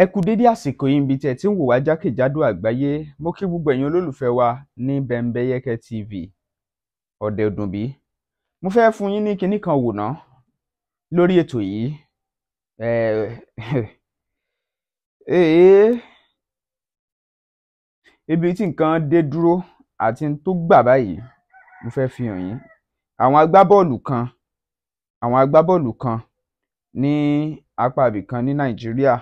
ẹ kú dédé àsìkò yìí níbi tí ẹ ti ń wò wá jákèjádò àgbáyé mo kí gbogbo ẹ̀yin olólùfẹ́ wa ní Bembeyeke TV ọ̀dẹ̀ òdùnbí mo fẹ́ fún yín ní kinní kan wò ná lórí ètò yìí ibi tí nǹkan dé dúró àti tó gbà báyìí mo fẹ́ fi hàn yín àwọn agbábọ́ọ̀lù kan àwọn agbábọ́ọ̀lù kan ní apá ibìkan ní Nàìjíríà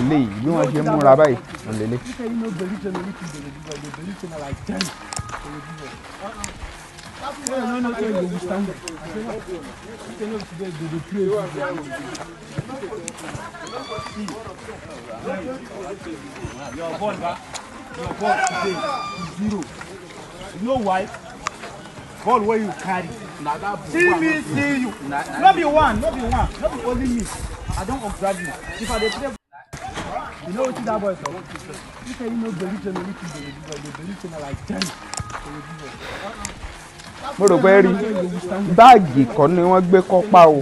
eléyìí bí wọ́n ṣe ń múra báyìí ń lélẹ̀. Your ball back. Your ball today You know why? ball wey you carry na that ball see me see you no be one no be one no be only me i don observe you if i dey play. You know what that boy for? He said, you know, believe him, believe him, believe him, believe him, like ten. Mo rò pé rí báàgì kọ́ ni wọ́n gbé kọ́ pa o.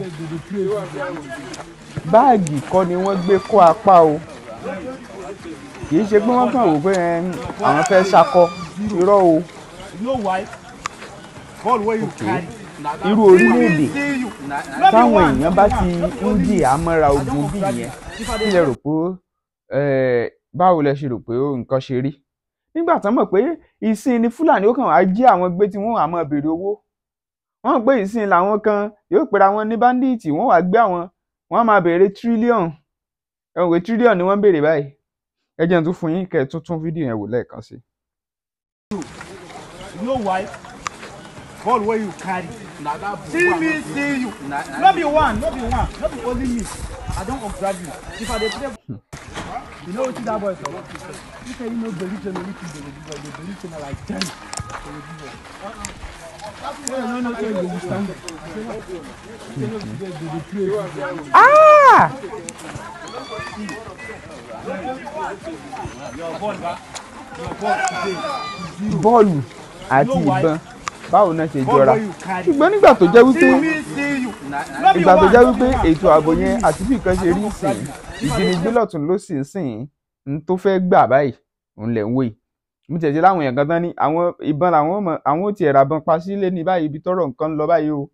Báàgì kọ́ ni wọ́n gbé kọ́ apá o. Kì í ṣe pé wọ́n kàn wò pé àwọn fẹ́ ṣakọ irọ́ o. Okay irú orílẹ̀-èdè táwọn èèyàn bá ti ń jìyà mọ́ra ogun bí ìyẹn kí lè rò pé Eh, báwo lẹ ṣe rò pé nǹkan ṣe rí nígbà tán mọ̀ pé ìsìn ni fúlàní ó kàn wá jí àwọn gbé tí wọ́n á máa béèrè owó wọ́n pé ìsìn làwọn kan yóò pera wọn ní báńdíìtì wọ́n wá gbé àwọn wọ́n máa béèrè tírílíọ̀nù ẹ̀wọ̀n pé tírílíọ̀nù ni wọ́n ń béèrè báyìí ẹ jẹ́ n tún fún yín kẹ́ ẹ tún fídíò yẹn wò lẹ́ẹ̀kan sí. ball wey you carry see me see you no be one no be one no be only me i don observe you if i dey play. You know what that boy is about? He said, you know, believe in the little boy, they believe in like 10. Ah! Bọ́ọ̀lù àti ìbọn báwo náà ṣe jọra ṣùgbọ́n nígbà tó jẹ́ wípé ètò ààbò yẹn àti bí nǹkan ṣe rí sìn ìjínigbé lọ́tún ló sì ń sìn ń tó fẹ́ gbà báyìí òun lẹ̀ ń wò yìí mo tẹ̀sí láwọn èèyàn kan tán ní àwọn ìbọn làwọn mọ̀ àwọn ò tiẹ̀ ra bọn pa sílé ní báyìí ibi tọ́rọ̀ nǹkan ń lọ báyìí o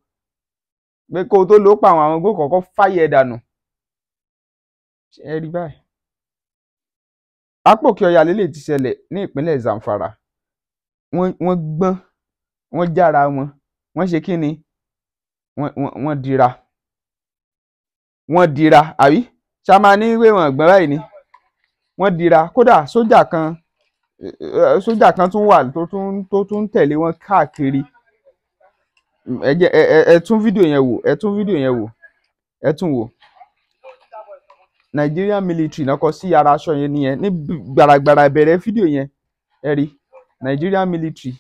pé kó o tó lò ó pa àwọn àwọn gbó kọ̀ọ̀kan fáyẹ̀ dànù ẹ rí báyìí. apò kí ọya lélẹ̀ ti ṣẹlẹ̀ ní ìpínlẹ̀ Zamfara wọ́n gbọ́n wọ́n jára wọn wọ́n ṣe kí ni wọ́n dira wọ́n dira àbí ṣàmà ní wéwọ̀n gbọ́n báyìí ni wọ́n dira kódà sójà kan sójà kan tún wà tó tún tó tún tẹ̀lé wọn káàkiri ẹ jẹ́ ẹ ẹ tún fídíò yẹn wò ẹ tún fídíò yẹn wò ẹ tún wò Nigerian military náà kọ sí ara aṣọ yẹn nìyẹn ní gbàràgbàrà ìbẹ̀rẹ̀ fídíò yẹn ẹ rí Nigerian military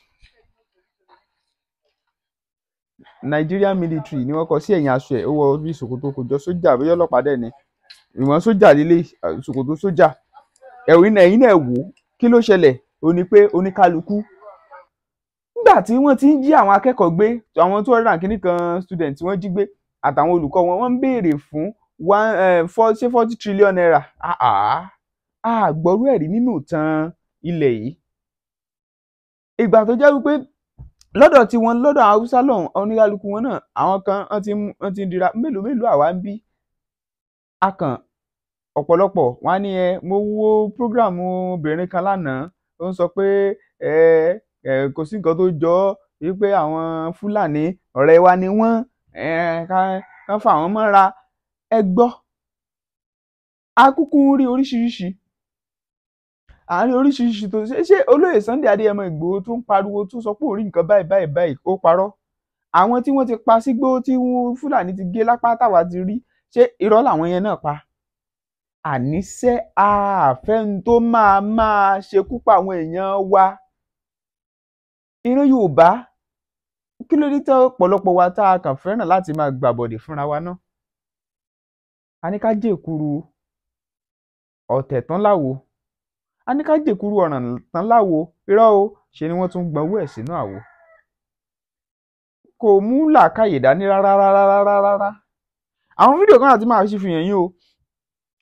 Nigerian military ni wọ́n kọ sí ẹ̀yìn aṣọ ẹ̀ ó wọ bí ìṣòkòtò kò jọ sójà bóyá ọlọ́pàá dẹ̀ ni ìmọ̀ sójà lílé ṣòkòtò sójà ẹ̀rín náà ẹ̀yin náà wò ó kí ló ṣẹlẹ̀ ó ní pé oníkálukú nígbà tí wọ́n ti ń jí àwọn akẹ́kọ̀ọ́ gbé àwọn two hundred and kìíní kan student wọ́n jí gbé àtàwọn olùkọ́ wọn wọ́n ń béèrè fún one ṣé forty trillion naira àgbọ̀rú ẹ̀rí nínú ìtàn ilẹ̀ yìí ìgbà tó jẹ́ wípé lọ́dọ̀ tí wọ́n lọ́dọ̀ haúsá lọ́hùn oníkálukú wọn náà àwọn kan ti ń dira mélòó mélòó àwa ń bí akàn ọ̀pọ̀lọpọ̀ wọ́n á ní ẹ mo wo program obìnrin kan lánàá ó ń sọ pé ẹ ẹ kò sí nǹkan tó jọ ọ́ wípé àwọn fúlàní ọ̀rẹ́ wa ni wọ́n ẹ ká fà wọ́n mọ́ra ẹ gbọ́ a kúkú ń rí oríṣiríṣi à ń rí oríṣiríṣi tó ṣe ṣé olóyè Sunday Adéyẹmọ Ìgbòho tó ń pariwo tó sọ pé òun rí nǹkan báyìí báyìí báyìí ó parọ́ àwọn tí wọ́n ti pa sígbó tí fúlàní ti gé lápá táwa ti rí ṣé irọ́ làwọn yẹn náà pa àníṣe ààfẹ́ ń tó máa máa ṣekú pa àwọn èèyàn wa ìran yorùbá kí ló dé tẹ ọ̀pọ̀lọpọ̀ wa tá a kàn fẹ́ràn láti máa gbàbọ̀dè fúnra wa náà a ní ká jèkuru ọ̀tẹ̀ tán láwo a ní ká jèkuru ọ̀ràn tán láwo irọ́ o ṣe ni wọ́n tún gbọ́n owó ẹ̀ sínú àwo kò mú làákàyè dání rárá rárá rárá àwọn fídíò kan àti máa ṣe fi hàn yín o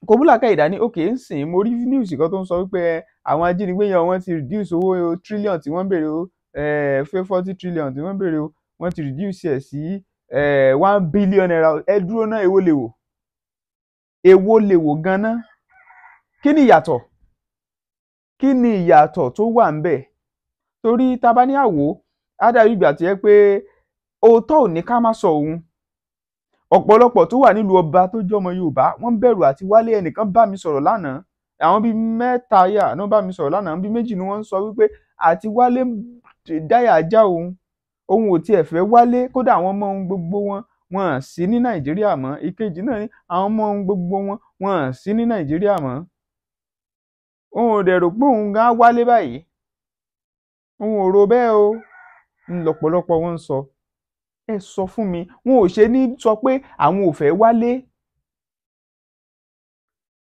kòbúlàkà ìdání òkè ń sìn mo rí news kan tó ń sọ wípé eh, àwọn ajínigbé yẹn wọ́n ti reduce owó eh, trillion tí wọ́n ń béèrè o eh, fẹ́ forty trillion tí wọ́n ń béèrè o wọ́n ti reduce ẹ̀ sí one billion naira ẹ dúró náà èwo lè wò èwo lè wò ganan kí ni ìyàtọ̀ kí ni ìyàtọ̀ tó wà ń bẹ̀ torí tá bá ìgbà tó yẹ pé òótọ́ ò ní ká má sọ òun ọ̀pọ̀lọpọ̀ tó wà nílùú ọba tó jọmọ yorùbá wọ́n bẹ̀rù àti wálé ẹnìkan bá mi sọ̀rọ̀ lánàá àwọn bíi mẹ́ta yà ní wọ́n bá mi sọ̀rọ̀ lánàá bíi méjì ni wọ́n ń sọ wípé àti wálé dáyà já òun òun ò tiẹ̀ fẹ́ wálé kódà àwọn ọmọ òun gbogbo wọn wọn à sí ní nàìjíríà mọ́ ìkejì náà ni àwọn ọmọ òun gbogbo wọn wọn à sí ní nàìjíríà mọ́ òun ò dẹ̀ rò pé òun gan wálé báyìí òun ò rò bẹ́ẹ̀ o ńlọ́pọ̀lọpọ̀ wọn ń sọ ẹ sọ fún mi wọn ò ṣe ní sọ pé àwọn ò fẹ́ wálé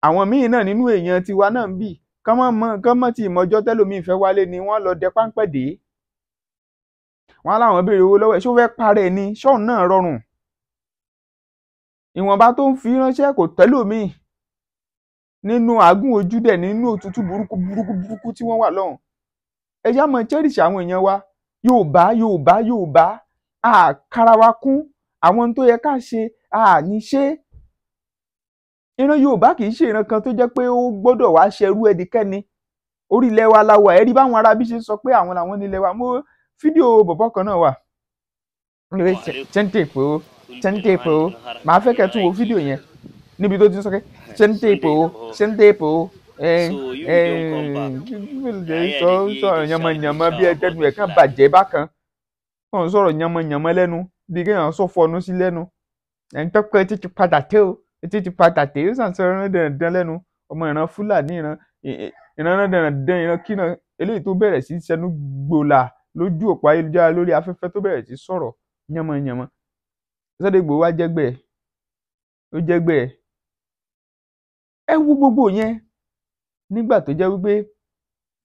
àwọn míì náà nínú èèyàn tiwa náà ń bì kán mọ́ tí ìmọ̀jọ́ tẹ́lòmíì fẹ́ wálé ni wọ́n lọ dẹ páńpẹ́ dé wọn láwọn béèrè owó lọ́wọ́ ẹ̀ ṣó fẹ́ẹ́ parẹ́ ni ṣọ́ọ̀n náà rọrùn ìwọ̀nba tó ń fi ránṣẹ́ kò tẹ́lòmíì nínú àágùn ojú dẹ̀ nínú òtútù burúkú burúkú burúkú tí wọ́n wà lọ́hùn ẹ já cherish àwọn èèyàn wa Yorùbá Yorùbá Yorùbá àkàrà wa kún àwọn tó yẹ ká ṣe àní ṣe ìran yorùbá kì í ṣe ìran kan tó jẹ́ pé ó gbọ́dọ̀ wá ṣẹrú ẹnikẹ́ni orílẹ̀ wa la wà ẹ̀rí báwọn arábí ṣe sọ pé àwọn làwọn nílẹ̀ wa mo fídíò bọ̀bọ̀ kan náà wà lórí tẹ́ńtẹ̀pẹ̀ o tẹ́ńtẹ̀pẹ̀ o màá fẹ́ kẹ́tù wo fídíò yẹn níbi tó ti sọ pé tẹ́ńtẹ̀pẹ̀ o tẹ́ńtẹ̀pẹ̀ o sọ sọ yànmọ̀yànmọ̀ bí ẹ̀kẹ́nu ẹ̀kan bàjẹ́ bákan wọn ń sọ̀rọ̀ yànmọ̀yànmọ̀ lẹ́nu bí kéèyàn sọ fọnú sí lẹ́nu ẹni tó títí padà tẹ́ o títí padà tẹ́ o sàn sọ̀rọ̀ lẹ́nu ọmọ ìran fúlàní ìran ìran dandan ìran kíran eléyìí tó bẹ̀rẹ̀ sí sẹnu gbòòlà lójú òpó ayélujára lórí afẹ́fẹ́ tó bẹ̀rẹ̀ sí sọ̀rọ̀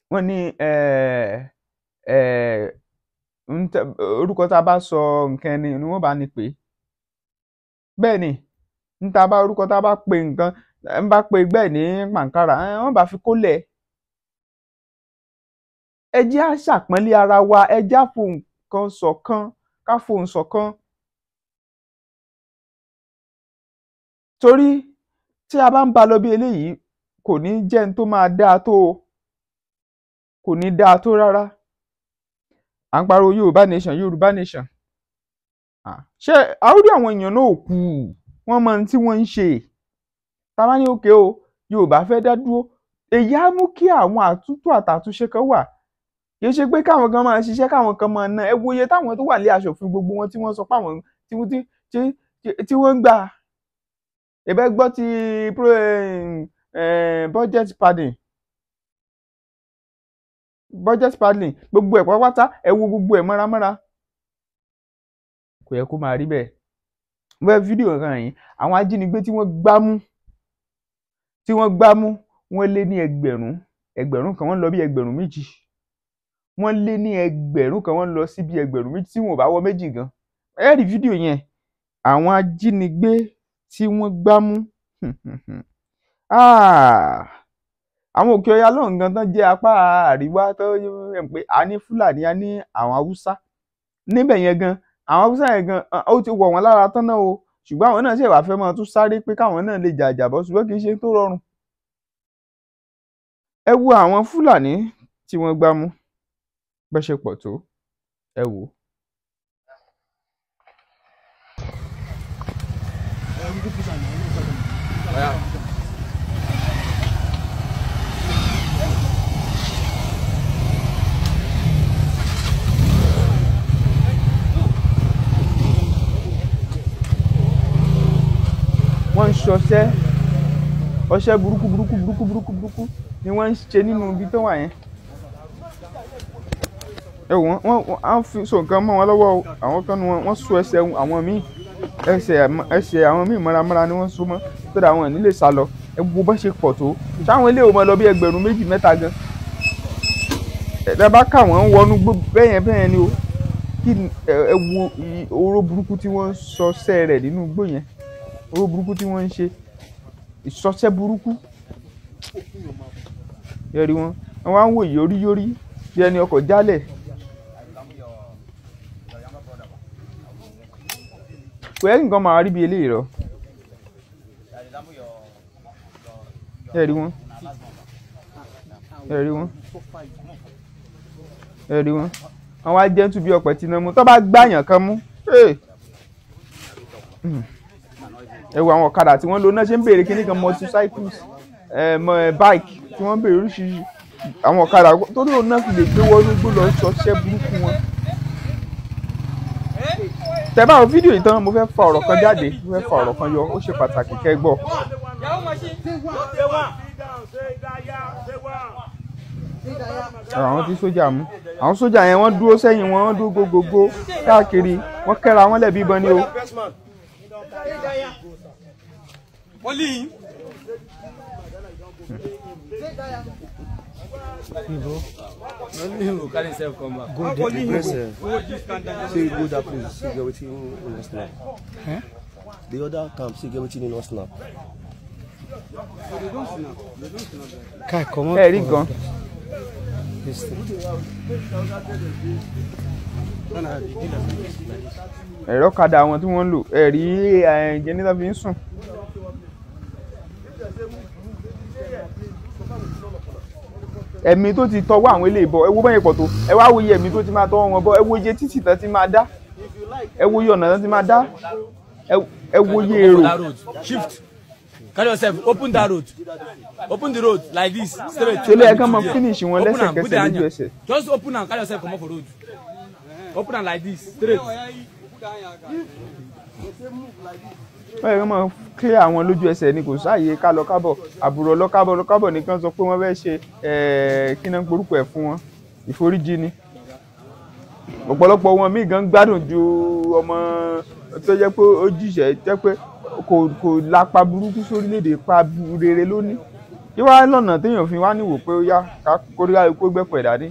wá ó ẹ orúkọ tá a bá sọ nǹkan ẹni ni wọ́n bá ní pè é bẹ́ẹ̀ ni ń ta bá orúkọ tá a bá pe nǹkan ń bá pe bẹ́ẹ̀ ní pàǹkárà wọ́n bá fi kólẹ̀ ẹ jẹ́ á ṣàpọ́nlé ara wa ẹ jẹ́ á fohùn kan ṣọ̀kan ká fohùn ṣọ̀kan torí tí a bá ń ba lọ bí eléyìí kò ní jẹ́ ní tó máa dáa tó kò ní dáa tó rárá à ń pariwo yorùbá nation yorùbá nation ṣé àwùjọ àwọn èèyàn náà kù wọ́n mọ ohun tí wọ́n ń ṣe tàbá ní òkè o yorùbá fẹ́ dá dúró èyí á mú kí àwọn àtúntò àtàtúnṣe kan wà kì í ṣe pé káwọn kan máa ṣiṣẹ́ káwọn kan máa ná ẹ wo iye táwọn tó wà lé aṣòfin gbogbo wọn tí wọ́n sọ pé àwọn tí wọ́n ń gbà ẹ̀bẹ̀ gbọ́ ti eh, eh, budget padding budget paddling gbogbo ẹ̀ pátápátá ẹ wo gbogbo ẹ̀ mọ́ramọ́ra kò yẹ kó máa rí bẹ́ẹ̀ wẹ́ẹ́ fídíò kan yìí àwọn ajínigbé tí wọ́n gbámú tí wọ́n gbámú wọ́n lé ní ẹgbẹ̀rún ẹgbẹ̀rún kan wọ́n lọ bí ẹgbẹ̀rún méjì wọ́n lé ní ẹgbẹ̀rún kan wọ́n lọ sí bí ẹgbẹ̀rún méjì tí wọn ò bá wọ méjì gan ẹ rí fídíò yẹn àwọn ajínigbé tí wọ́n gbámú ah àwọn òkè ọya lọ́hùn gan tán jẹ́ apá àríwá tó yẹn pé a ní fúlàní a ní àwọn haúsá níbẹ̀ yẹn gan àwọn haúsá yẹn gan ó ti wọ̀ wọ́n lára tán náà o ṣùgbọ́n àwọn náà ṣe wàá fẹ́ máa tún sáré pé káwọn náà lè jàjà bọ́ ṣùgbọ́n kì í ṣe tó rọrùn. ẹ wo àwọn fúlàní tí wọ́n gbá mú bẹ́ pọ̀ tó ẹ wò ó. Yeah. ọṣẹ ọṣẹ burúkú burúkú burúkú burúkú burúkú ni wọ́n ń ṣe nínú ibi tó wà yẹn ẹ wọ́n wọ́n á fi so nǹkan mọ́ wọn lọ́wọ́ àwọn kan nu wọn wọ́n so ẹsẹ̀ àwọn míì ẹsẹ̀ ẹsẹ̀ àwọn míì mọ́ramọ́ra ni wọ́n so mọ́ tó dà wọn nílé sá lọ ẹ wo bá ṣe pọ̀ tó sáwọn ilé ìwọ̀n lọ bí ẹgbẹ̀rún méjì mẹ́ta gan ẹ̀dá bá kà wọ́n wọnú bẹ́yẹn bẹ́yẹn ni o kí ẹ wo oró burúkú tí wọ́n sọ sẹ́ rẹ̀ nínú igbó yẹn oró burúkú tí wọ́n ń ṣe ìsọsẹ́ burúkú yẹri wọn wọn wá ń wò yóríyórí bí ẹni ọkọ̀ jálẹ̀ kò yẹ kí nǹkan máa rí bí eléyìí rọ yẹri wọn yẹri wọn yẹri wọn àwọn ajẹ́ntu bí ọ̀pẹ̀ tí iná mú tó bá gbàyàn kan mú. Hey. Mm ẹ wo àwọn ọ̀kadà tí wọ́n lò náà ṣe ń béèrè kíní kan motorcycles bike tí wọ́n béèrè oríṣiríṣi àwọn ọ̀kadà tó lò náà fi lè gbé wọnú gbó lọ ṣọṣẹ́ burúkú wọn. tẹ́ bá wo fídíò yìí tán mo fẹ́ fa ọ̀rọ̀ kan jáde mo fẹ́ fa ọ̀rọ̀ kan yọ ó ṣe pàtàkì kẹ́ gbọ́. àwọn tí sójà mú àwọn sójà yẹn wọ́n dúró sẹ́yìn wọn wọ́n dúró gbogbogbò káàkiri wọ́n kẹ́ra wọn lẹ́bi ìbọn ni o. Paulinho. Paulinho, Good yourself come Good, Paulinho. Press, you The other camp, See get wetin you snap. Kai, come on. Hey, Rick gone. This thing ẹ̀rọ kadà àwọn tí wọ́n ń lò ẹ̀rí jẹ́nítà fi ń sùn. ẹ̀mí tó ti tọwọ́ àwọn ilé ìbọ̀ ẹ wo báyìí pọ̀ tó ẹ wá wo iye ẹ̀mí tó ti máa tọwọ́ wọn bọ̀ ẹ wo iye títì tán ti máa dá ẹ wo iye ọ̀nà tán ti máa dá ẹ wo èrò. carry yourself open that road open the road like this straight. tẹ́lẹ̀ ẹ kàn máa finish wọn lẹ́sẹ̀kẹsẹ̀ lójú ẹsẹ̀. just open am carry yourself comot for road open am like this straight bẹ́ẹ̀ wọ́n máa clear àwọn lójú ẹsẹ̀ ni kò sáàyè ká lọ kábọ̀ àbúrò lọ́kábọ̀ lọ́kábọ̀ nìkan sọ pé wọ́n fẹ́ ṣe eh, kí náà ń porúkọ ẹ̀ fún wọn ìforíjì ni ọ̀pọ̀lọpọ̀ wọn míì gan gbádùn ju ọmọ tó jẹ́ pé ó jìṣẹ́ jẹ́ pé kò kò lapa burúkú sórílẹ̀-èdè pa rere lónìí kí wàá lọ́nà téèyàn fi wá níwò pé ó yá kó gbẹ́pẹ̀ dání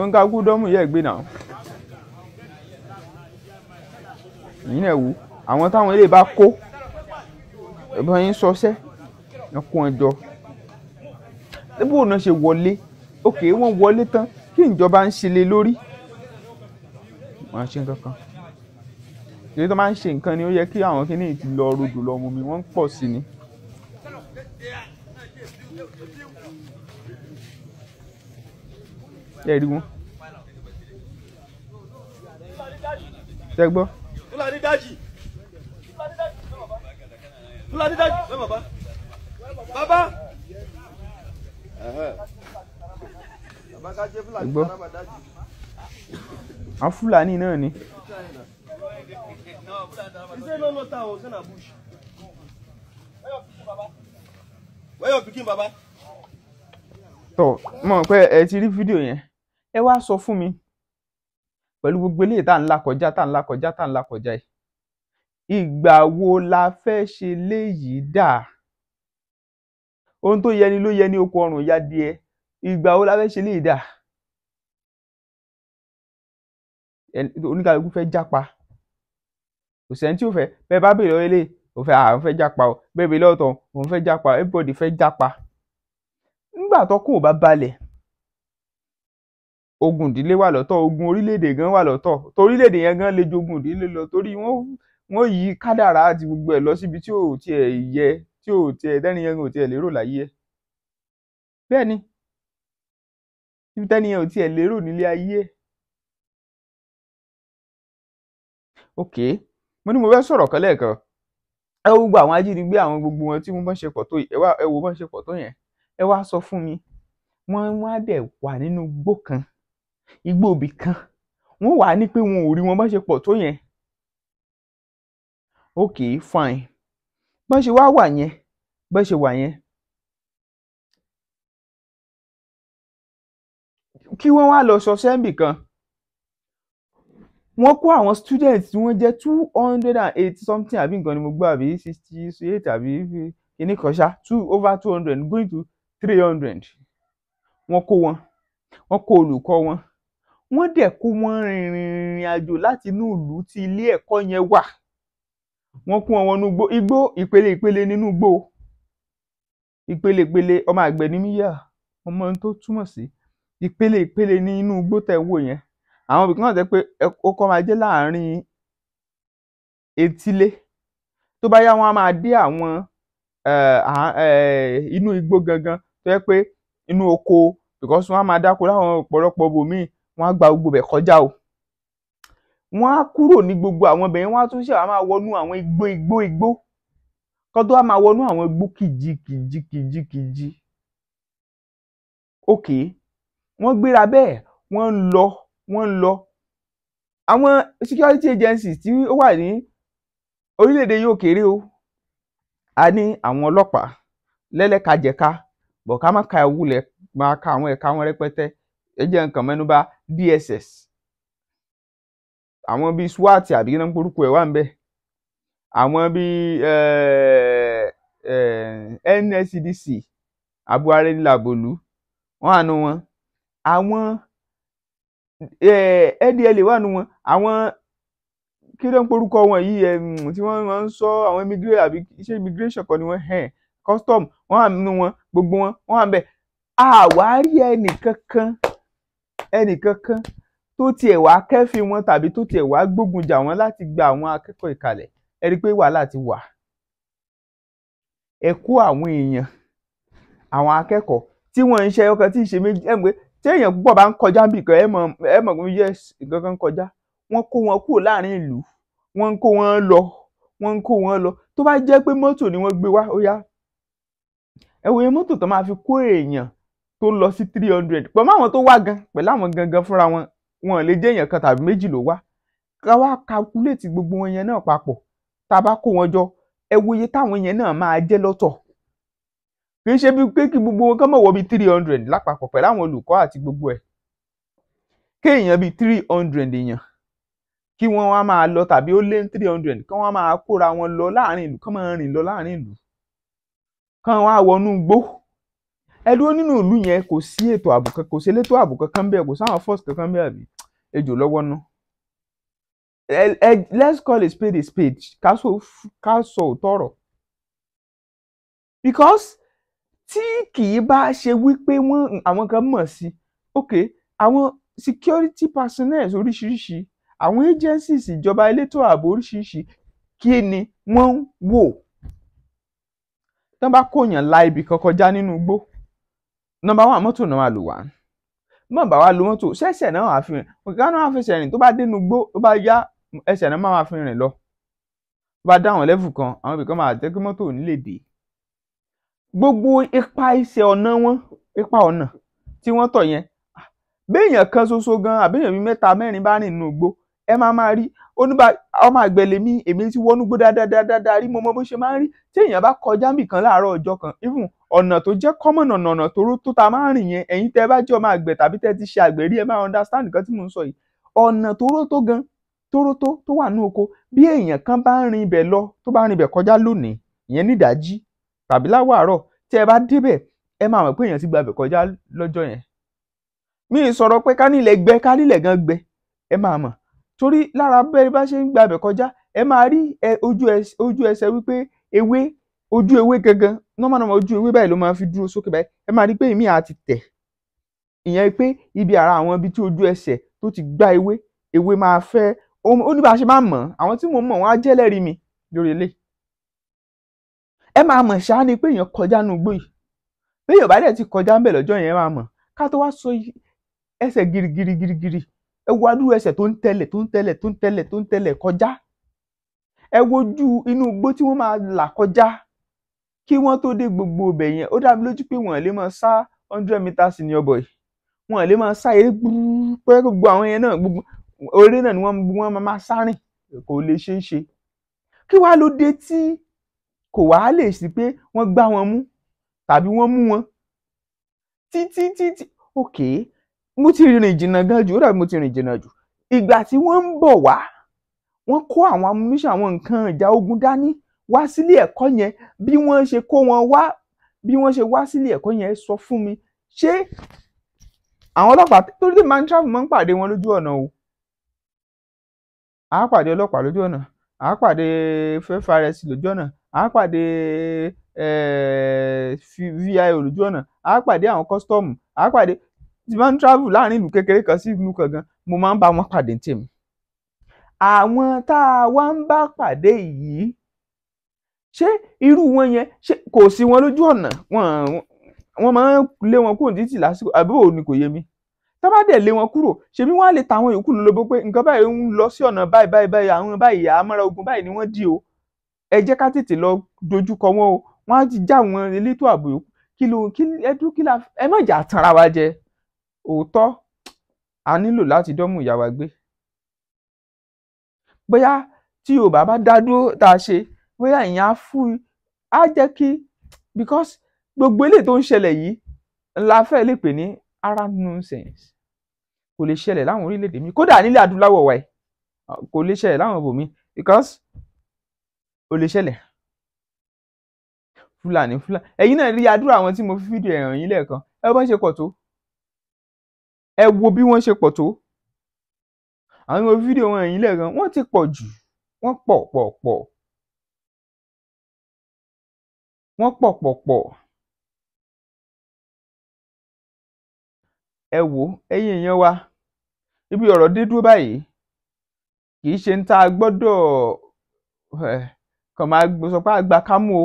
nka kú dọ́mù yẹ́ gbé náà yìí náà wù àwọn táwọn ilé bá kó ẹ̀bọ́n yín sọṣẹ́ ẹ̀kún ẹjọ́ níbo náà ṣe wọlé òkè wọ́n wọlé tán kí ìjọba ń ṣe lé lórí wọ́n á ṣe nǹkan kan èyí tó máa ń ṣe nǹkan ni ó yẹ kí àwọn kíní ti lọ rodò lọ mú mi wọ́n ń pọ̀ sí ni. ẹ rí wọn. ṣe gbọ́. fúlàní dájì fúlàní dájì fẹ́ bàbá bàbá. bàbá ká jẹ́ fúlàní bàbá dájì. àwọn fúlàní náà ni. iṣẹ́ náà lọ́ta àwọn sẹ́nà bush. wẹ́yọ̀ pikin bàbá. tọ́ mọ̀ pé ẹ ti rí fídíò yẹn. ẹ wá sọ fún mi pẹ̀lú gbogbo eléyìí tá à kọjá ìgbà wo la fẹ́ ṣe léyìí dà ohun tó yẹni ló yẹni oko ọrùn ya díẹ̀ ìgbà wo la fẹ́ ṣe léyìí dà oníkàlùkù fẹ́ jápa kò tí fẹ́ bẹ́ẹ̀ bá bèrè fẹ́ àwọn fẹ́ o bẹ́ẹ̀ lọ́tọ̀ fẹ́ jápa everybody fẹ́ jápa balẹ̀ ogun ìdílé wà lọ́tọ̀ ogun orílẹ̀-èdè gan wà lọ́tọ̀ torílẹ̀-èdè yẹn gan le ju ogun ìdílé lọ torí wọ́n wọ́n yí kádàrá àti gbogbo ẹ̀ lọ síbi tí ò tiẹ̀ yẹ tí ò tiẹ̀ tẹ́ni yẹn ò tiẹ̀ lérò láyé ẹ̀ bẹ́ẹ̀ ni níbi tẹ́ni yẹn ò tiẹ̀ lérò nílé ayé ẹ̀. ok mo ní mo fẹ́ sọ̀rọ̀ kan lẹ́ẹ̀kan ẹ wo gbogbo àwọn ajínigbé àwọn gbogbo wọn tí wọ́n bá ń ṣe pọ̀ tó ẹ wo bá ń ṣe pọ̀ tó yẹn ẹ wá sọ fún mi wọ́n wá dẹ̀ wà nínú igbó kan igbó ibì kan wọ́n wàá ní pé wọn ò rí wọn bá ṣe pọ̀ tó yẹn ok fine bọ́n ṣe wá wà yẹn bọ́n ṣe wà yẹn kí wọ́n wá lọ sọ sẹ́ńbì kan wọ́n kó àwọn students tí wọ́n jẹ́ two hundred and eighty something àbí nǹkan ni mo gbọ́ àbí sixty eight àbí kìíní kan ṣá two over two hundred going to three hundred wọ́n kó wọn wọ́n kó olùkọ́ wọn wọ́n dẹ̀ kó wọn rìnrìnrìn àjò láti inú ìlú tí ilé ẹ̀kọ́ yẹn wà wọ́n kó wọn wọnú igbó igbó ìpele ìpele nínú igbó ìpele ìpele ọmọ àgbẹ̀ ni mí yà ọmọ ohun tó túmọ̀ sí ìpele ìpele ní inú igbó tẹ̀ ń wò yẹn àwọn ibìkan náà jẹ́ pé ó kọ́ máa jẹ́ láàárín etílé tó bá yá wọn á máa dé àwọn inú igbó gangan tó jẹ́ pé inú oko because wọ́n á máa dáko láwọn ọ̀pọ̀lọpọ̀ bòmíì wọ́n á gba gbogbo bẹ̀ kọjá o wọ́n á kúrò ní gbogbo àwọn ibẹ̀ yẹn wọ́n á tún ṣe àwọn máa wọnú àwọn igbó igbó igbó kán tó wá máa wọnú àwọn igbó kìjì kìjì kìjì kìjì òkè wọ́n gbéra bẹ́ẹ̀ wọ́n ń lọ wọ́n ń lọ àwọn security agencies tí ó wà ní orílẹ̀-èdè yóò kéré o a ní àwọn ọlọ́pàá lẹ́lẹ́kajẹ̀ka bọ̀ ká má ka ìwúlẹ̀ máa ka àwọn ẹ̀ka wọn rẹpẹtẹ ẹ jẹ́ nǹkan mẹ́nubà DSS àwọn bíi SWAT àbí kí náà porúkọ eh, eh, wà ń bẹ̀ àwọn bíi NSCDC abuare labolu wọn àánú wọn àwọn eh, ndla wà nù wọn àwọn kí ló ń porúkọ wọn yìí tí wọ́n máa ń sọ àwọn immigration àbí iṣẹ́ immigration kan ni wọ́n hẹn custom wọ́n wà wọn gbogbo wọn wọ́n wà ń bẹ̀ àwárí ẹnìkankan ẹnìkankan tó tiẹ̀ wá kẹ́fì wọn tàbí tó tiẹ̀ wá gbógun jà wọ́n láti gba àwọn akẹ́kọ̀ọ́ ìkàlẹ̀ ẹ rí i pé wàhálà ti wà ẹ kó àwọn èèyàn àwọn akẹ́kọ̀ọ́ tí wọ́n ń ṣe ọkàn tí ì ṣe méjì ẹ̀ mọ̀ pé tí èèyàn púpọ̀ bá ń kọjá bí kan ẹ̀ mọ̀ ẹ̀ mọ̀ pé yẹ nǹkan kan kọjá wọ́n kó wọn kúrò láàrin ìlú wọ́n ń kó wọn lọ wọ́n ń kó wọn lọ tó bá jẹ́ pé mọ́tò ni wọ́n gbé wá ó yá ẹ wòye mọ́tò tó máa fi kó èèyàn tó lọ sí three hundred pẹ̀lú àwọn tó wá gan pẹ̀lú àwọn gangan fúnra wọn wọn lè jẹ́ èèyàn kan tàbí méjì ló wá ká wá calculate gbogbo wọn yẹn náà papọ̀ tá a bá kó wọn jọ ẹ wo iye táwọn yẹn náà máa jẹ́ lọ́tọ̀ kì í ṣe bí pé kí gbogbo wọn kán mọ̀ wọ bíi three hundred lápapọ̀ pẹ̀lú àwọn olùkọ́ àti gbogbo ẹ̀ kéèyàn bíi three hundred èèyàn kí wọ́n wá máa lọ tàbí ó lé three hundred kí wọ́n máa kóra wọn lọ láàrin ìlú kán máa rìn lọ láàrin ìlú kán wá wọnú gbó ẹ nínú ìlú yẹn kò sí ètò ààbò kan kò sí elétò ààbò kankan bẹ́ẹ̀ kò sáwọn force kankan bẹ́ẹ̀ àbí ejò lọ́wọ́ ná ẹ let's call a spade a spade ká sọ ká because tí kì í bá ṣe wípé wọ́n àwọn kan mọ̀ sí ok àwọn security personnel oríṣiríṣi àwọn agencies ìjọba elétò ààbò oríṣiríṣi kí ni wọ́n ń wò tán bá kóyàn la ibì kan kọjá nínú igbó nọmba one mọ́tò náà wà lò wá mọ̀bà wa lo mọ́tò ṣẹ̀ṣẹ̀ náà wà fi rìn òkìká náà wà fi ṣẹ̀rìn tó bá dénú gbó tó bá yá ẹsẹ̀ náà máa fi rìn lọ tó bá dáwọn lẹ́fù kan àwọn ibìkan máa jẹ́ kí mọ́tò nílé dé gbogbo ipa iṣẹ́ ọ̀nà wọn ipa ọ̀nà tí wọ́n tọ̀ yẹn ah, béèyàn kan ṣoṣo gan àbẹ́yàn bíi mẹ́ta mẹ́rin bá rìn nínú igbó ẹ máa máa rí oníbà ọmọ àgbẹ̀ lèmi èmi ti wọnú gbó dáadáa rí mo mọ bó ṣe máa rí tí èèyàn bá kọjá níbìkan láàárọ̀ ọjọ́ kan even ọ̀nà tó jẹ́ common ọ̀nà ọ̀nà tóró tó ta máa ń rìn yẹn ẹ̀yin tẹ́ bá jẹ́ ọmọ àgbẹ̀ tàbí tẹ́ ti ṣe àgbẹ̀ rí ẹ máa understand nǹkan tí mò ń sọ yìí ọ̀nà tóró tó gan tóró tó tó wà ní oko bí èèyàn kan bá ń rin ibẹ̀ lọ tó bá ń rin ibẹ̀ kọjá lónìí ìyẹn ní ìdájí tàbí láwàárọ̀ tí ẹ bá débẹ̀ ẹ máa mọ̀ pé èèyàn ti gba ibẹ̀ kọjá lọ́jọ́ yẹn mi ì sọ̀rọ̀ pé ká nílẹ̀ gbẹ ká nílẹ̀ gan gbẹ ẹ máa mọ̀ torí lára bẹ́ẹ̀ bá ṣe ń gba ibẹ̀ kọjá ẹ máa rí ojú ẹsẹ̀ wípé ewé ojú ewé gangan normal normal ojú ewé báyìí ló máa fi dúró sókè báyìí ẹ máa rí pé ìmí àti tẹ̀ ìyẹn pé ibi ara àwọn ibi tí ojú ẹsẹ̀ tó ti gbá ewé ewé máa fẹ́ ó ní bá a ṣe máa mọ̀ àwọn tí mo mọ̀ wọ́n á jẹ́lẹ́rìí mi lórí eléyìí ẹ máa mọ̀ ṣáá ni pé èèyàn kọjá nu igbó yìí bí èèyàn bá dẹ̀ ti kọjá ńbẹ̀ lọ́jọ́ yẹn máa mọ̀ ká tó wá sọ ẹsẹ̀ girigiri girigiri ẹ wo adúrú ẹsẹ̀ tó ń tẹ̀lẹ̀ tó ń tẹ̀lẹ̀ tó ń tẹ̀lẹ̀ tó ń tẹ̀lẹ̀ kọjá ẹ wojú inú igbó tí wọ́n máa là kọjá kí wọ́n tó dé gbogbo ibẹ̀ yẹn ó dá mi lójú pé wọ́n lè máa sá hundred meters ní ọbọ̀ yìí wọ́n lè máa sá eré pé gbogbo àwọn yẹn náà gbogbo eré náà ni wọ́n wọ́n máa sá rìn kò lè ṣeé ṣe kí wàá ló dé tí kò wàá lè sí pé wọ́n gbá wọn mú tàbí wọ́n mú wọn títí títí ok mo ti rìnrìn jìnnà gan jù ó dàbí mo ti rìn jìnnà jù ìgbà tí wọ́n ń bọ̀ wá wọ́n kó àwọn amúníṣẹ́ àwọn nǹkan ìjà ogun dání wá sílé ẹ̀kọ́ yẹn bí wọ́n ṣe kó wọn wá bí wọ́n ṣe wá sílé ẹ̀kọ́ yẹn sọ fún mi ṣé àwọn ọlọ́pàá torí tí man travel máa ń pàdé wọn lójú ọ̀nà o à á pàdé ọlọ́pàá lójú ọ̀nà à á pàdé fẹ́fàrẹ́s lójú ọ̀nà à pàdé VIO lójú ọ̀nà à pàdé àwọn kọ́sítọ́ọ̀mù à pàdé tí man travel láàrin ìlú kékeré kan sí ìlú kan mo máa ń bá wọn pàdé tèmi àwọn tá a wá ń bá pàdé yìí ṣé irú wọn yẹn ṣé kò sí wọn lójú ọ̀nà wọn máa ń lé wọn kúrò títì lásìkò àbí òun ni kò yé mi tá bá dẹ̀ lé wọn kúrò ṣebí wọ́n á lè ta àwọn yòókù lólobó pé nǹkan báyìí ń lọ sí ọ̀nà báyìí báyìí báyìí àwọn báyìí àmọ́ra ogun báyìí ni wọ́n dì o ẹ jẹ́ ká tètè lọ dojúkọ wọn o wọ́n á ti já àwọn elétò ààbò yòókù kí ló kí ẹdú kí la ẹ má jà tanra wa jẹ òótọ́ a nílò láti dọ́mú ìyá wa gbé bóyá tí Yorùbá bá dá dúró tá a ṣe bóyá ìyẹn á fún á jẹ́ kí because gbogbo eléyìí tó ń ṣẹlẹ̀ yìí la fẹ́ lè pè ní Arab nonsense kò lè ṣẹlẹ̀ láwọn orílẹ̀-èdè mi kódà nílẹ̀ adúláwọ̀ wa yìí kò lè ṣẹlẹ̀ láwọn ibòmí because ò lè ṣẹlẹ̀ fúlàní fúlàní ẹ̀yin náà rí àdúrà àwọn tí mo fi fídíò ẹ̀ràn yín lẹ́ẹ̀kan ẹ bá ń ṣe pọ̀ tó ẹ wo bí wọ́n ṣe pọ̀ tó àwọn fídíò wọn ẹ̀yìn lẹ́ẹ̀kan wọ́n ti pọ̀ jù wọ́n pọ̀ pọ̀ pọ̀ wọ́n pọ̀ pọ̀ pọ̀. ẹ wò ẹ̀yin èèyàn wa ibi ọ̀rọ̀ dé dúró báyìí kì í ṣe ń tá a gbọ́dọ̀ kàn máa sọ pé a gba kámú o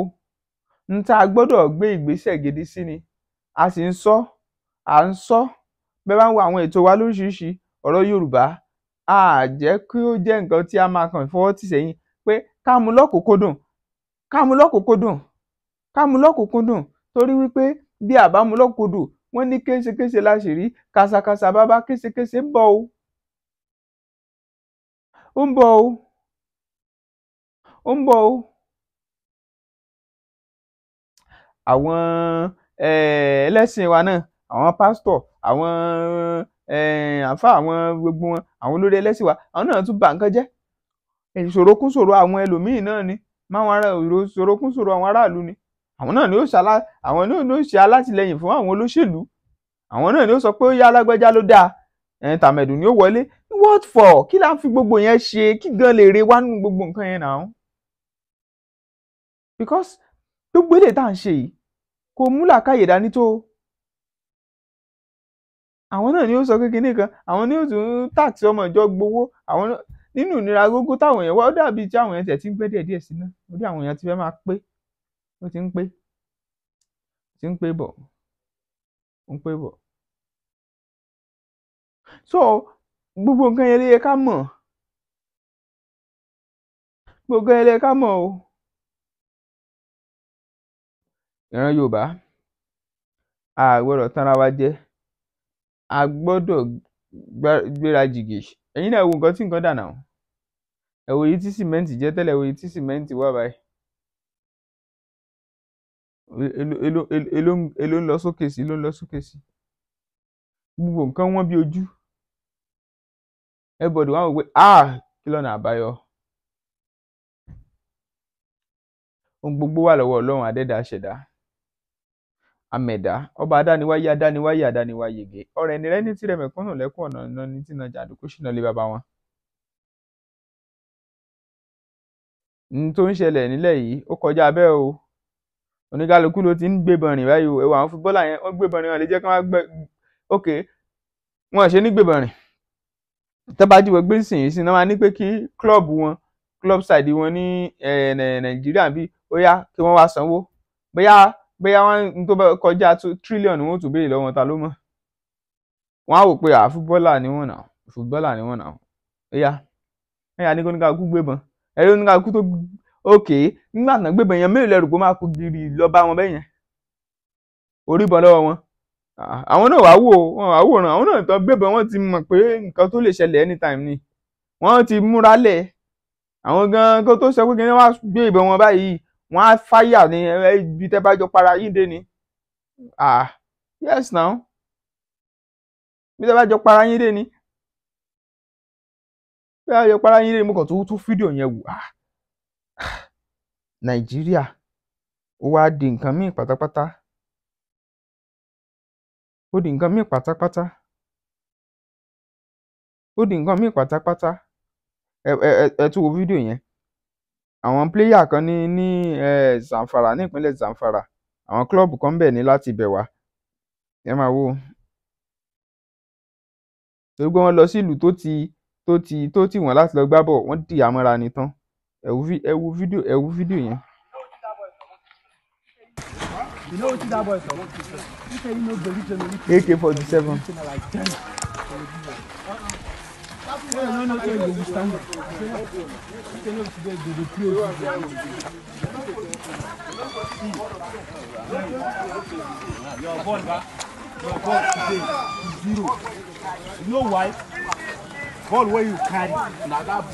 ń tá gbọ́dọ̀ gbé ìgbésẹ̀ gidi sí ni a sì ń sọ à ń sọ bẹ́ẹ̀ bá ń wo àwọn ètò wa lóríṣiríṣi ọ̀rọ̀ Yorùbá a jẹ́ kí ó jẹ́ nǹkan tí a máa kàn fọwọ́ tì sẹ́yìn pé kámú lọ́kùnkúndùn kámú lọ́kùnkúndùn ká mú lọ́kùnkúndùn torí wípé bí àbámúlọ́kùndùn wọ́n ní kéṣekéṣe la ṣì rí kàṣàkàṣà bàbá kéṣekéṣe ń bọ̀ o ó ń bọ̀ o ó ń bọ̀ o àwọn ẹlẹ́sìn wa náà àwọn pásítọ̀ àwọn àǹfà àwọn gbogbo wọn àwọn olórí ẹlẹ́sìn wa àwọn náà tún bà nǹkan jẹ́ ìṣòro kún ṣòro àwọn ẹlòmíín náà ni máwọn ará ìṣòro kún ṣòro àwọn aráàlú ni àwọn náà ni ó ṣàlá àwọn náà ni ó ṣe alátìlẹyìn fún àwọn olóṣèlú àwọn náà ni ó sọ pé ó yá alágbẹjá ló dáa ẹn tàmẹ̀dù ni ó wọlé what for kí là ń fi gbogbo yẹn ṣe kí gan lè re wá nínú gbogbo nǹkan yẹn náà because gbogbo èdè tá à ń ṣe yìí kò mú làákàyè dání tó àwọn náà ni ó sọ kékeré kan àwọn ni ó tún táàtì ọmọ ìjọ gbowó àwọn nínú ìnira gógó táwọn èèyàn wá ó dàbíi tí àwọn èèyàn tẹ̀ ti ń gbẹ́ díẹ̀ díẹ̀ sí náà orí àwọn èèyàn ti fẹ́ máa pé ó ti ń pé ti ń pé bọ̀ ń pé bọ̀ so gbogbo nǹkan yẹn ló yẹ ká mọ̀ gbogbo nǹkan yẹn ló yẹ ká mọ̀ o ìran Yorùbá a gbọ́dọ̀ tanra wa jẹ a gbọ́dọ̀ gbéra jìgì ẹ̀yin náà wo nǹkan tí nǹkan dà náà tí sìmẹ́ǹtì jẹ́ tẹ́lẹ̀ ẹ tí sìmẹ́ǹtì wà báyìí èló èló ń lọ sókè sí ló ń lọ sókè sí gbogbo nǹkan wọ́n bí ojú everybody wá wò pé ah kí lọ́nà àbáyọ ohun gbogbo wà lọ́wọ́ ọlọ́run adẹ́dàá ṣẹ̀dá àmẹ̀dá ọba adániwáyé adániwáyé adániwáyé gé ọ̀rọ̀ ẹni rẹ ní tirẹ̀ mẹ̀kúnnù lẹ́kùn ọ̀nà iná ní tí náà jàǹdùkú ṣìnà lé bàbá wọn. n tó ń ṣẹlẹ̀ nílẹ̀ yìí ó kọjá bẹ́ẹ̀ o oníkálukú ló ti ń gbébọn rìn báyìí o ẹwà àwọn fúbọ́là yẹn wọ́n gbébọn rìn wọn lè jẹ́ kí wọ́n gbẹ ok wọn ṣe ní gbébọn rìn tọ́bájú wọ́n gbé sìn yìí sí náà wọ́n á ní pé kí klọ́ọ̀bù wọn club side wọn ní nàìjíríà bí ó yá kí wọ́n wá sanwó bóyá bóyá wọ́n ń tó kọjá tírílíọ̀nù wọn ò tún béèrè lọ́wọ́ ta ló mọ̀ wọ́n á wò pé àfúbọ́là ni wọ́n nà fúbọ́là ni wọ́n nà ó yá ẹ̀yà ní kóníkàkú gbébọn ẹ̀rí ok nígbà tán gbébọn èèyàn mélòó lẹrù pé máa kú gírí lọ bá wọn bẹ́yẹn orí bọ́ lọ́wọ́ wọn ah, àwọn náà wàá wò wọn wàá wòran àwọn náà tán gbébọn wọn ti mọ̀ pé nǹkan tó lè ṣẹlẹ̀ anytime ni wọ́n ti múra lẹ̀ àwọn gan kó tó sọ pé kí wọ́n wá gbé ìbọn wọn báyìí wọ́n á fáyà ní ibi tẹ́ bá jọ para yín dé ni ah yes now bí tẹ́ bá jọ para yín dé ni bí tẹ́ bá para yín dé ni mo kàn tún tún fídíò yẹn wò ah nàìjíríà ó wáá di nǹkan míín pátápátá ó di nǹkan míín pátápátá ó di nǹkan míín pátápátá ẹ ẹ ẹ tún wo fídíò yẹn àwọn pléyà kan ní ní ẹ Zamfara nípínlẹ̀ Zamfara àwọn klọ́ọ̀bù kan bẹ̀ ní láti bẹ̀ wá ẹ máa wo torí pé lọ sí ìlú tó ti tó ti tó tì wọ́n láti lọ gbá bọ̀ wọ́n dì àmọ́ra ni tán ẹ wo ẹ wo fídíò ẹ wo fídíò yẹn. AK forty seven. Your ball back, your ball today is zero. You know why? ball wey you carry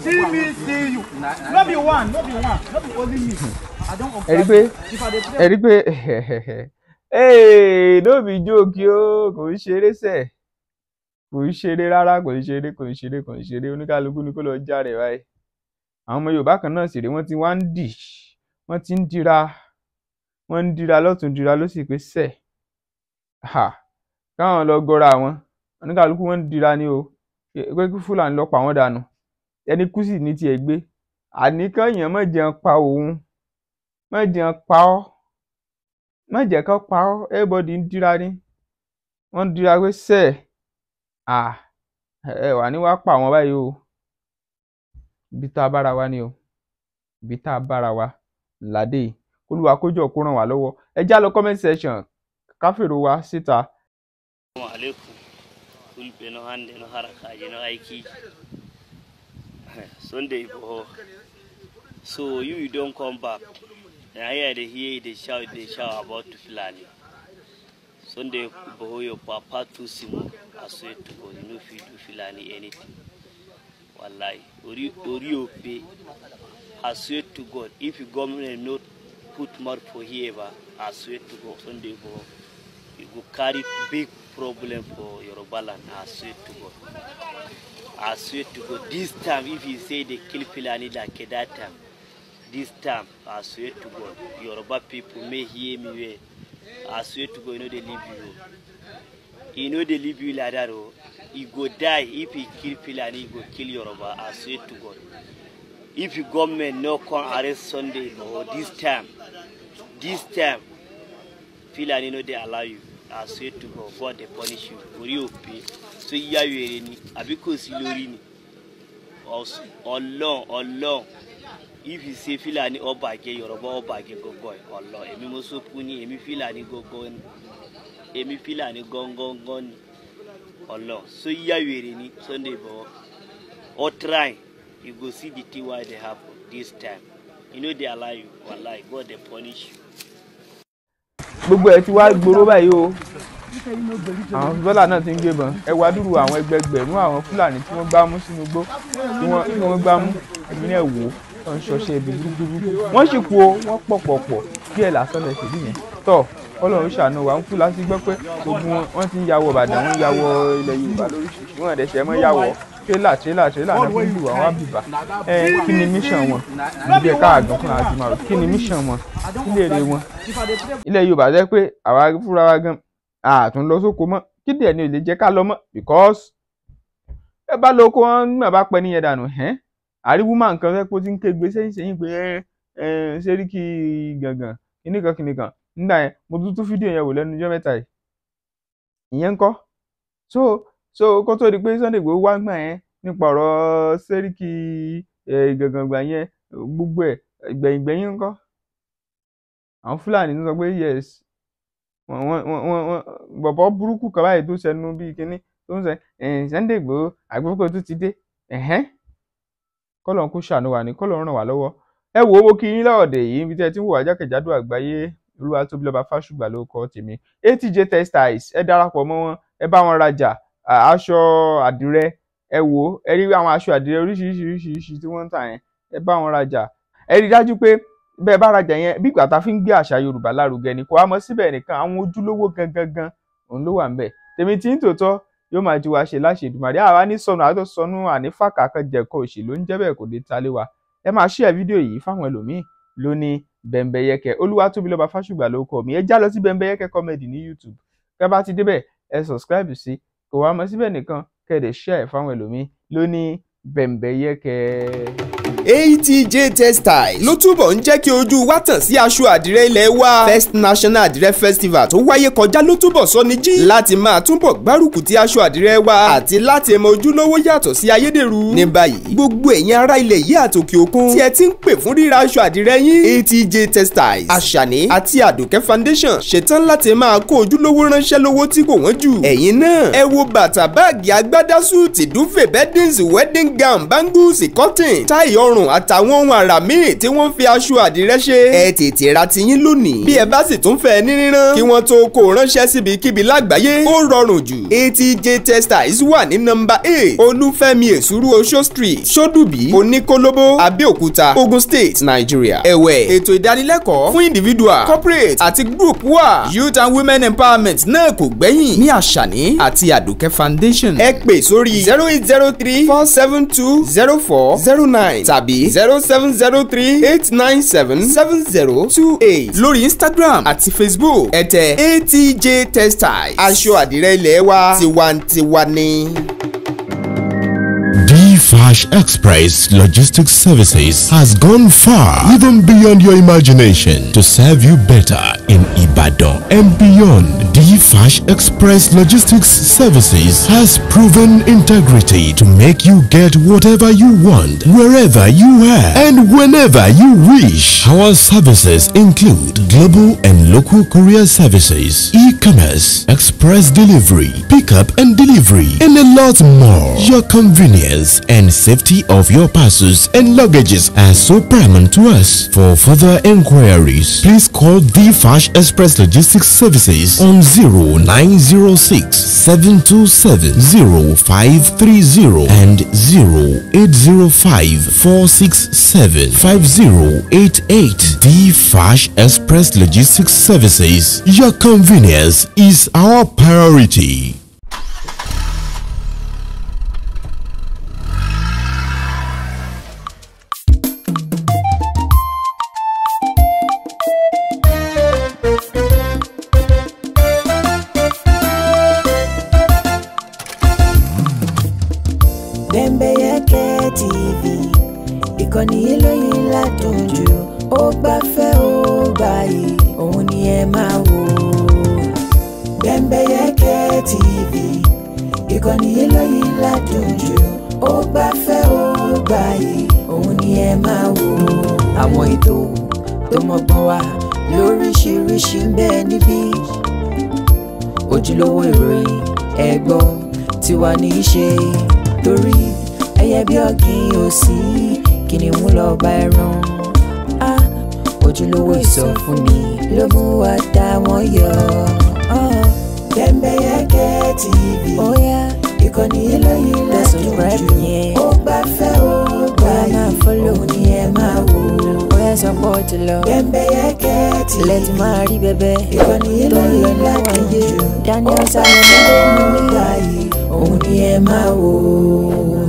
see me see you no be one no be one no be only me i don observe ẹ̀rí pé ẹ̀rí pé ee no be joke o kò ń ṣeré sẹ̀ kò ń ṣeré rárá kò ń ṣeré kò ń ṣeré kò ń ṣeré oníkálukú ni kó lọ járe báyìí àwọn ọmọ yorùbá kan náà sì rèé wọ́n ti wá ń dì wọ́n ti ń dira wọ́n ń dira lọ́tún dira ló sì pé sẹ̀ káwọn lọ gọra wọn oníkálukú wọn ń dira ni o pé kí fúlàní lọ́ọ́ pa wọ́n dànù ẹni kú sì ní tiẹ̀ gbé àníkànyàn má jẹun pa òun má jẹun pa ọ́ má jẹ́ kán pa ọ́ everybody ń dira ní wọ́n ń dira pé sẹ́ẹ̀ à ẹ wà ní wàá pa wọ́n báyìí o ibi tá a bára wa ni o ibi tá a bára wa làdé olúwa kójọ kó ràn wá lọ́wọ́ ẹ já lọ comment section káfíìrò wa síta. Assalamu kumpe no hande no harakaji no aikiji sunday boho so you, you don't come back and here they hiye they shout they shout about to fulani sunday boho yo papa too simo aswe to go you no fit do fulani anything wallahi ori ori ope a swear to god if the government no put mouth for here ba i swear to god sunday boho it will carry big problem for Yoruba land. I swear to God. I swear to God. This time, if you say they kill Fulani like that time, this time, I swear to God, Yoruba people may hear me well. I swear to God, you know they leave you. You know they leave you like that. Oh. You go die if he kill Fulani, you go kill Yoruba. I swear to God. If the government no come arrest Sunday oh, this time, this time, Fulani no dey allow you I swear to God God dey punish you orí ò pé tó yíyá wèrè ni àbí kò sí lórí ni ọlọ́n ọlọ́n if you say Fulani ọba àgẹ Yorùbá ọba àgẹ gọgọ ẹ ọlọ èmi mo sọkún ni èmi Fulani gọgọ ni èmi Fulani gọngọngọ ni ọlọ so yíyá wèrè ni Sunday Igboho or oh, try you go see the thing why dey happen this time e no dey allow you wallahi God dey punish you gbogbo ẹ ti wá gbòòrò báyìí o àwọn bọ́là náà ti ń gbébọn ẹ wá dúró àwọn ẹgbẹgbẹ̀rún àwọn fúlàní tí wọ́n gbá mú sínú igbó tí wọ́n gbá mú ẹ̀mí náà wò ó ń ṣọṣẹ́ ibi gbúgbúgbú wọ́n sì kú o wọ́n pọ̀ pọ̀ pọ̀ díẹ̀ lásán lẹ̀ sí nìyẹn tọ́ ọlọ́run ṣàánú wa ń kú láti gbọ́ pé gbogbo wọn ti ń yàwọ̀ ìbàdàn wọn ń yàwọ̀ ilẹ̀ yorùbá lóríṣiríṣi wọn ẹ̀dẹ̀ṣẹ̀ mọ́ yàwọ̀ trailer trailer trailer náà fi ń àwọn àbíbá ẹ ni mission wọn níbi ẹ̀ka àgbọn fúnra mission wọn ile wọn ilẹ̀ Yorùbá jẹ́ pé àwa fúnra wa gan àtún sóko mọ́ ni ò lè jẹ́ ká lọ mọ́ because ẹ bá lóko wọn nígbà bá pẹ́ níyẹn ẹ́ ti so kó tó di pé Sunday Igboho wá gbà yẹn nípa ọ̀rọ̀ Sẹ́ríkì ìgàngàngbà yẹn gbogbo ẹ̀ ìgbẹ̀yìngbẹ̀yìn ńkọ́ àwọn Fúlàní ló sọ pé yes wọ́n wọ́n wọ́n bọ̀bọ̀ burúkú kan báyìí tó ṣẹnu bíi kínní tó ń sẹ Sunday Igboho àgbẹ̀fọ́kọ̀ tó ti dé kọ́lọ̀ ń kó ṣàánú wa ní kọ́lọ̀ ń ràn wá lọ́wọ́ ẹ wò ó mo kí yín lọ́ọ̀dẹ̀ yìí níbi tí ẹ ti ń wò wá jákèjádò àgbáyé olúwa tóbi lọ́ba fásùgbà ló kọ́ tèmi atj textiles ẹ darapọ̀ mọ́ wọn ẹ bá wọn rajà aṣọ àdìrẹ ẹ wò ó ẹ rí àwọn aṣọ àdìrẹ oríṣiríṣiríṣi tí wọ́n ń tà yẹn ẹ bá wọn rajà ẹ rí dájú pé bẹ́ẹ̀ bá rajà yẹn bí ìgbà tá a fi ń gbé àṣà Yorùbá lárugẹ ni kò wá mọ síbẹ̀ nìkan àwọn ojúlówó gangan gan òun ló wà ńbẹ̀ tèmi tí ń tòótọ́ yóò máa ju wa ṣe láṣẹ Èdùmàrè àwa ní sọnù àti sọnù àní fàkà kan jẹ̀kọ òṣì ló ń jẹ́ bẹ́ẹ̀ kò dé ta lé wa ẹ máa share fídíò yìí fáwọn ẹlòmíì lónìí bẹ̀m̀bẹ̀yẹkẹ Olúwatóbilọ́ba Fáṣùgbà ló mi ẹ já lọ sí bẹ̀m̀bẹ̀yẹkẹ comedy ní YouTube kẹ́ bá ti débẹ̀ ẹ subscribe sí kò wá mọ síbẹ̀ nìkan kẹ́ ẹ̀ dẹ̀ share ẹ̀ fáwọn ẹlòmíín ló ní bẹ̀m̀bẹ̀yẹ̀kẹ́. ATJ Textiles ló túbọ̀ ń jẹ́ kí ojú wa tàn sí aṣọ àdìrẹ ilẹ̀ wa First National Àdìrẹ Festival tó wáyé kọjá ló túbọ̀ sọ ní jí láti máa túbọ̀ gbárùkù ti aṣọ àdìrẹ wa àti láti mọ ojúlówó yàtọ̀ sí ayédèrú ní báyìí gbogbo ẹ̀yin ará ilẹ̀ yìí àti òkè òkun tí ẹ ti ń pè fún ríra aṣọ àdìrẹ yín ATJ Textiles Àṣàní àti Àdùkẹ́ Foundation ṣetán láti máa kó ojúlówó ránṣẹ́ lówó tí kò wọ́n jù ẹ̀yin náà ẹ wo bàtà báàgì agbádásù tìdúfè bẹ́díǹsì wedding gown bangles ìkọ́tìn táì ọrùn àtàwọn ohun àrà míì tí wọ́n fi aṣọ àdìrẹ́ ṣe ẹ tètè ra tiyín lónìí bí ẹ bá sì tún fẹ́ ní rírán kí wọ́n tó kó ránṣẹ́ síbikíbi lágbàáyé ó rọrùn jù atj textiles wà ní nọ́mbà eight olúfẹ́mi èsúrú oṣó street ṣódùbí oníkólóbó abẹ́òkúta ogun state nigeria ẹ̀wẹ̀ ètò ìdánilẹ́kọ̀ọ́ fún individual corporate àti group wà youth and women empowerment náà kò gbẹ́yìn ní àṣàní àti àdùkẹ́ foundation ẹ pè sórí zero eight zero three four seven seven two zero four zero nine tàbí zero seven zero three eight nine seven seven zero two eight lórí Instagram àti Facebook ẹ tẹ ATJ textiles aṣọ àdìrẹ ilé wa tiwantiwa ni. Flash Express Logistics Services has gone far, even beyond your imagination, to serve you better in Ibadan and beyond. Flash Express Logistics Services has proven integrity to make you get whatever you want, wherever you are, and whenever you wish. Our services include global and local courier services, e-commerce, express delivery, pickup and delivery, and a lot more. Your convenience and safety of your parcels and luggages are so paramount to us. For further inquiries, please call the Fash Express Logistics Services on 0906 727 0530 and 0805 467 The Fash Express Logistics Services. Your convenience is our priority. Bembeyeke TV ìkànnì eléyìí ládojú ó gbafẹ́ ó gbayì òun ni ẹ máa wò. Bembeyeke TV ìkànnì eléyìí ládojú ó gbafẹ́ ó gbayì òun ni ẹ máa wò. àwọn ètò tó mọ̀gbọ́n wa lóríṣiríṣi ń bẹ níbí ojúlówó ìròyìn ẹ̀gbọ́n tiwa ní í ṣe torí ẹyẹ bí ọ̀gìn òsì kìnìún lọ́ba ẹran á ojúlówó ìsọfúnni ló mú wa dá wọn yọ. Bembeyeke TV ìkànnì eléyìí lẹ́sùn jù ó bá fẹ́ ó gbà yìí òun ni ẹ máa wò. bóyá sọ pé ó ti lọ Bembeyeke máa rí bẹ́bẹ́ ìkànnì eléyìí lẹ́sùn jù Daniel Salmon ló mú mi gbà yìí òun ni ẹ máa wò ó.